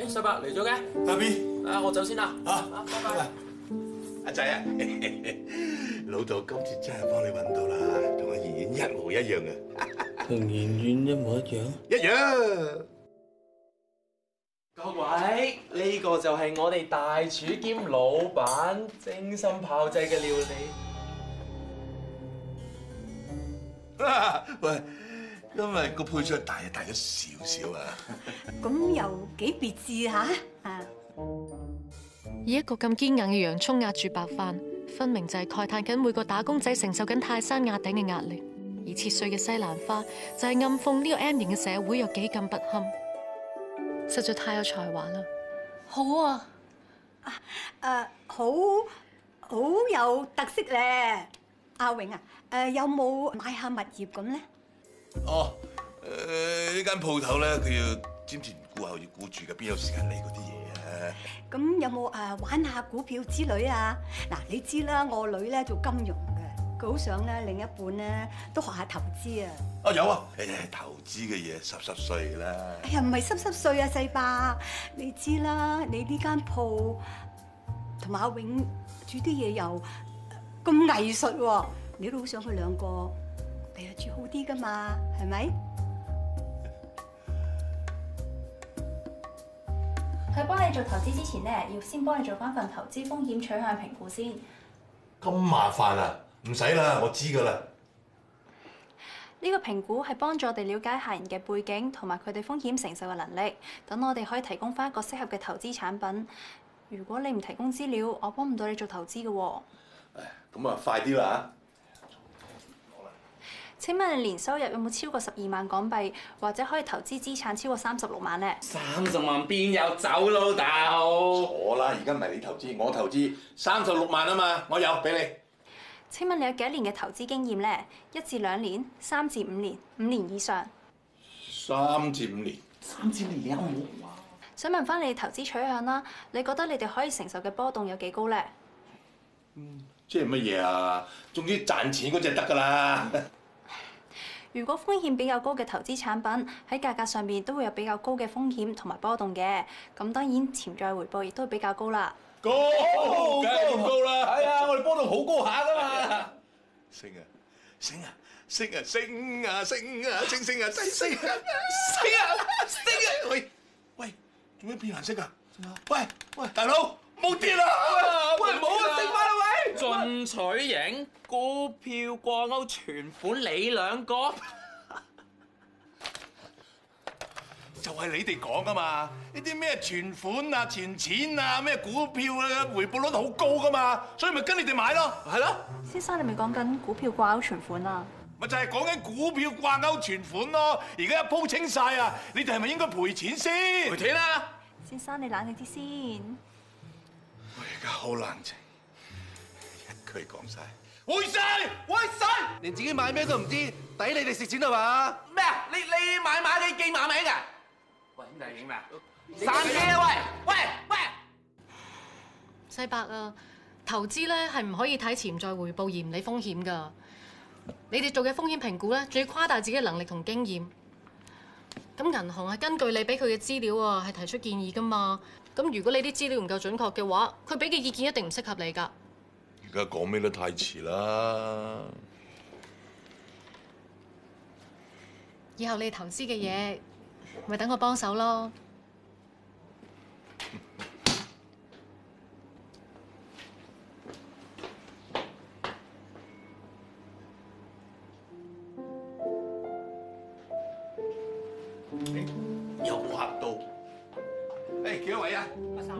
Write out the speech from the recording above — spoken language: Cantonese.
哎，小白來咗嘅，阿 B，我走先啦，啊，拜拜，拜。阿仔啊，老豆今次真係幫你搵到啦，同阿妍妍一模一樣嘅。同妍妍一模一樣？一樣。各位，呢個就係我哋大廚兼老闆精心炮製嘅料理。啊，喂，今日個配菜大啊大咗少少啊。咁又幾別緻吓啊！以一個咁堅硬嘅洋蔥壓住白飯，分明就係慨嘆緊每個打工仔承受緊泰山壓頂嘅壓力；而切碎嘅西蘭花就係暗諷呢個 M 型嘅社會有幾咁不堪，實在太有才華啦！好啊，啊誒，好好有特色咧，阿榮啊，誒有冇買下物業咁咧？哦，誒呢間鋪頭咧，佢要佔田。戶口要顧住嘅，邊有時間理嗰啲嘢啊？咁有冇誒玩下股票之類啊？嗱，你知啦，我女咧，做金融嘅，佢好想咧，另一半咧都學下投資啊。哦，有啊，投資嘅嘢濕濕碎啦。哎呀，唔係濕濕碎啊，細伯，你知啦，你呢間鋪同埋阿永煮啲嘢又咁藝術喎，你都好想佢兩個嚟住好啲噶嘛，係咪？喺幫你做投資之前咧，要先幫你做返份投資風險取向評估先。咁麻煩啊！唔使啦，我知㗎喇。呢個評估係幫助我哋了解客人嘅背景同埋佢哋風險承受嘅能力，等我哋可以提供返一個適合嘅投資產品。如果你唔提供資料，我幫唔到你做投資㗎喎。咁啊，快啲啦！請問你年收入有冇超過十二萬港幣，或者可以投資資產超過三十六萬咧？三十萬邊有走老豆？坐啦，而家唔係你投資，我投資三十六萬啊嘛，我有俾你。請問你有幾多年嘅投資經驗咧？一至兩年、三至五年、五年以上？三至五年，三至五年有冇？嘛？想問翻你投資取向啦，你覺得你哋可以承受嘅波動有幾高咧？嗯，即係乜嘢啊？總之賺錢嗰隻得噶啦。如果風險比較高嘅投資產品，喺價格上面都會有比較高嘅風險同埋波動嘅，咁當然潛在回報亦都比較高啦。高梗係高啦，係啊，我哋波動好高下噶嘛。升啊升啊升啊升啊升啊升升啊升啊升啊！喂喂，做咩變顏色啊？喂喂，大佬冇跌啦！好啊，升翻、啊、啦、 啊啊啊、 喂！喂等等 進取型股票掛鈎存款，你兩個就係你哋講噶嘛？呢啲咩存款啊、存錢啊、咩股票啊，回報率好高噶嘛？所以咪跟你哋買咯，係咯？先生，你咪講緊股票掛鈎存款啊？咪就係講緊股票掛鈎存款咯。而家一鋪清晒啊，你哋係咪應該賠錢先？賠錢啊，先生，你冷靜啲先。我而家好冷靜。佢講晒，會曬，會曬，連自己買咩都唔知，抵、嗯、你哋蝕錢啦嘛？咩啊？你你買買你幾萬名嘅？喂，兄弟，影咩啊？散啊！喂喂喂！世伯啊，投資咧係唔可以睇潛在回報而唔理風險㗎。你哋做嘅風險評估咧，仲要誇大自己嘅能力同經驗。咁銀行係根據你俾佢嘅資料啊，係提出建議㗎嘛。咁如果你啲資料唔夠準確嘅話，佢俾嘅意見一定唔適合你㗎。而家講咩都太遲啦！以後你投資嘅嘢，咪等我幫手咯。哎，你有客到，哎幾多位啊？三